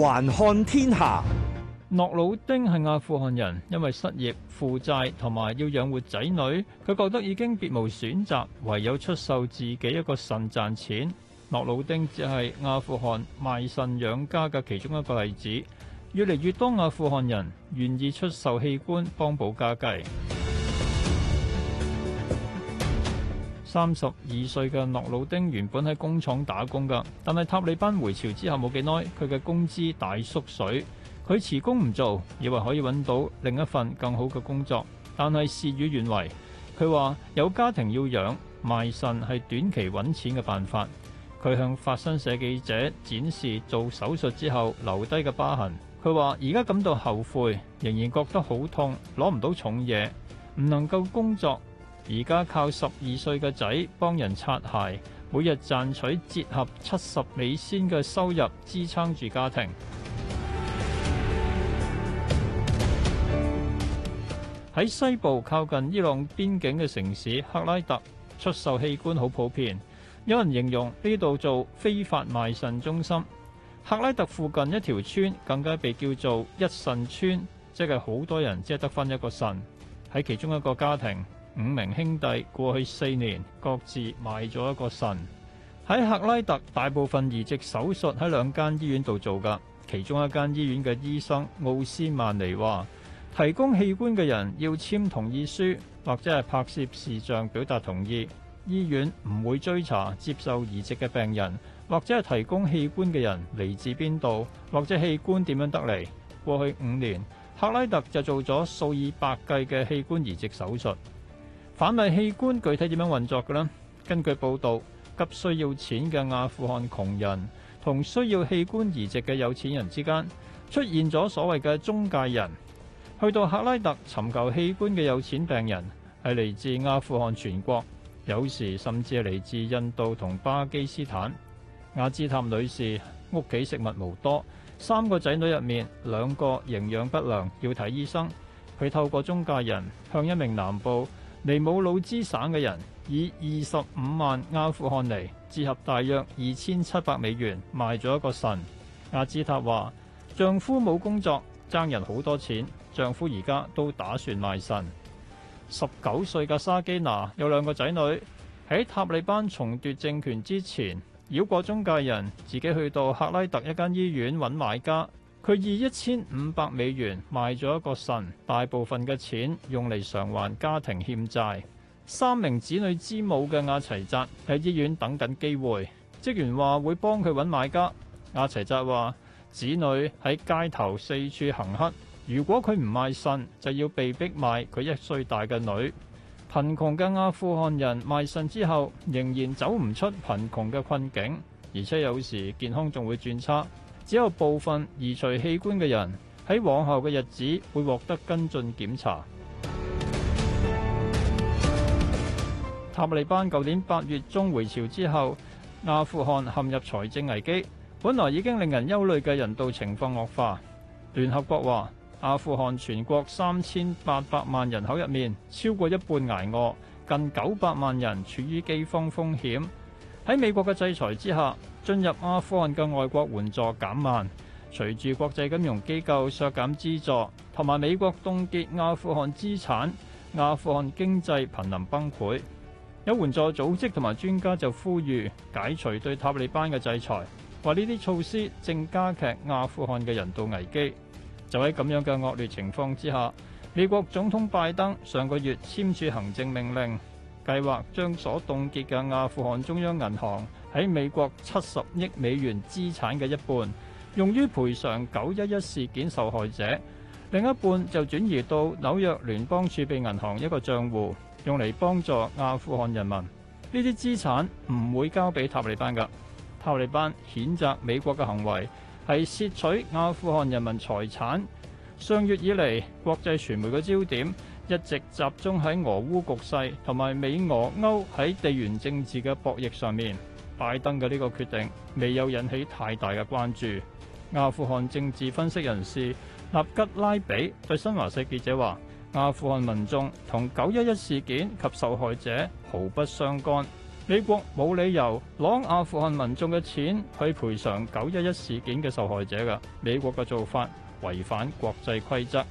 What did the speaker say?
環看天下，諾魯丁係阿富汗人，因為失業、負債同埋要養活仔女，佢覺得已經別無選擇，唯有出售自己一個腎賺錢。諾魯丁只係阿富汗賣腎養家嘅其中一個例子，越嚟越多阿富汗人願意出售器官幫補家計。三十二歲嘅諾魯丁原本喺工廠打工㗎，但係塔利班回朝之後冇幾耐，佢嘅工資大縮水。佢辭工唔做，以為可以揾到另一份更好嘅工作，但係事與願違。佢話有家庭要養，賣腎係短期揾錢嘅辦法。佢向法新社記者展示做手術之後留低嘅疤痕。佢話而家感到後悔，仍然覺得好痛，攞唔到重嘢，唔能夠工作。而家靠十二歲嘅仔幫人擦鞋，每日賺取折合七十美仙嘅收入，支撐住家庭。喺 西部靠近伊朗邊境嘅城市克拉特，出售器官好普遍。有人形容呢度做非法賣腎中心。克拉特附近一條村更加被叫做一腎村，即係好多人只係得翻一個腎，喺其中一個家庭，五名兄弟過去四年各自賣咗一個腎喺克拉特。大部分移植手術喺兩間醫院度做㗎。其中一間醫院嘅醫生奧斯曼尼話：提供器官嘅人要簽同意書，或者係拍攝視像表達同意。醫院唔會追查接受移植嘅病人，或者係提供器官嘅人嚟自邊度，或者器官點樣得嚟。過去五年，克拉特就做咗數以百計嘅器官移植手術。販賣器官具體點樣運作嘅呢？根據報導，急需要錢嘅阿富汗窮人同需要器官移植嘅有錢人之間出現咗所謂嘅中介人。去到赫拉特尋求器官嘅有錢病人係嚟自阿富汗全國，有時甚至係嚟自印度同巴基斯坦。亞芝探女士屋企食物無多，三個仔女入面兩個營養不良，要睇醫生。佢透過中介人向一名南部尼姆魯茲省嘅人以二十五萬阿富汗尼折合大約二千七百美元賣咗一個腎。阿茲塔話：丈夫冇工作，爭人好多錢，丈夫而家都打算賣腎。十九歲嘅沙基娜有兩個仔女，喺塔利班重奪政權之前，繞過中介人，自己去到赫拉特一間醫院揾買家。佢以一千五百美元賣咗一個腎，大部分嘅錢用嚟償還家庭欠債。三名子女之母嘅阿齊澤喺醫院等緊機會，職員話會幫佢揾買家。阿齊澤話：子女喺街頭四處行乞，如果佢唔賣腎，就要被逼賣佢一歲大嘅女。貧窮嘅阿富汗人賣腎之後，仍然走唔出貧窮嘅困境，而且有時健康仲會轉差。只有部分移除器官嘅人喺往後嘅日子會獲得跟進檢查。塔利班舊年八月中回朝之後，阿富汗陷入財政危機，本來已經令人憂慮嘅人道情況惡化。聯合國話，阿富汗全國三千八百萬人口入面，超過一半挨餓，近九百萬人處於饑荒風險。喺美國嘅制裁之下，進入阿富汗嘅外國援助減慢，隨住國際金融機構削減資助，同埋美國凍結阿富汗資產，阿富汗經濟瀕臨崩潰。有援助組織同埋專家就呼籲解除對塔利班嘅制裁，話呢啲措施正加劇阿富汗嘅人道危機。就喺咁樣嘅惡劣情況之下，美國總統拜登上個月簽署行政命令。計劃將所凍結嘅阿富汗中央銀行喺美國七十億美元資產嘅一半，用於賠償九一一事件受害者，另一半就轉移到紐約聯邦儲備銀行一個賬戶，用嚟幫助阿富汗人民。呢啲資產唔會交俾塔利班嘅。塔利班譴責美國嘅行為係竊取阿富汗人民財產。上月以嚟，國際傳媒嘅焦點。一直集中喺俄烏局勢同埋美俄歐喺地緣政治嘅博弈上面，拜登嘅呢個決定未有引起太大嘅關注。阿富汗政治分析人士納吉拉比對新華社記者話阿富汗民眾同九一一事件及受害者毫不相干，美國冇理由攞阿富汗民眾嘅錢去賠償九一一事件嘅受害者噶，美國嘅做法違反國際規則。